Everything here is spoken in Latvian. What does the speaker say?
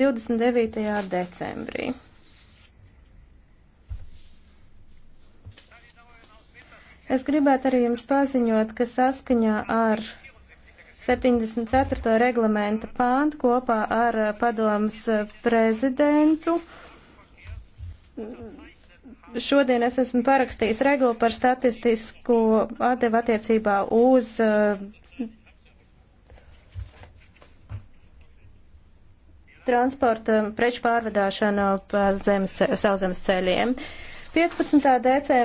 29. decembrī. Es gribētu arī jums paziņot, ka saskaņā ar 74. reglamenta pāntu kopā ar padomas prezidentu šodien es esmu parakstījis regulu par statistisko atdevu attiecībā uz transporta preču pārvadāšanu pa zemes, sauszemes ceļiem. 15. decembrī.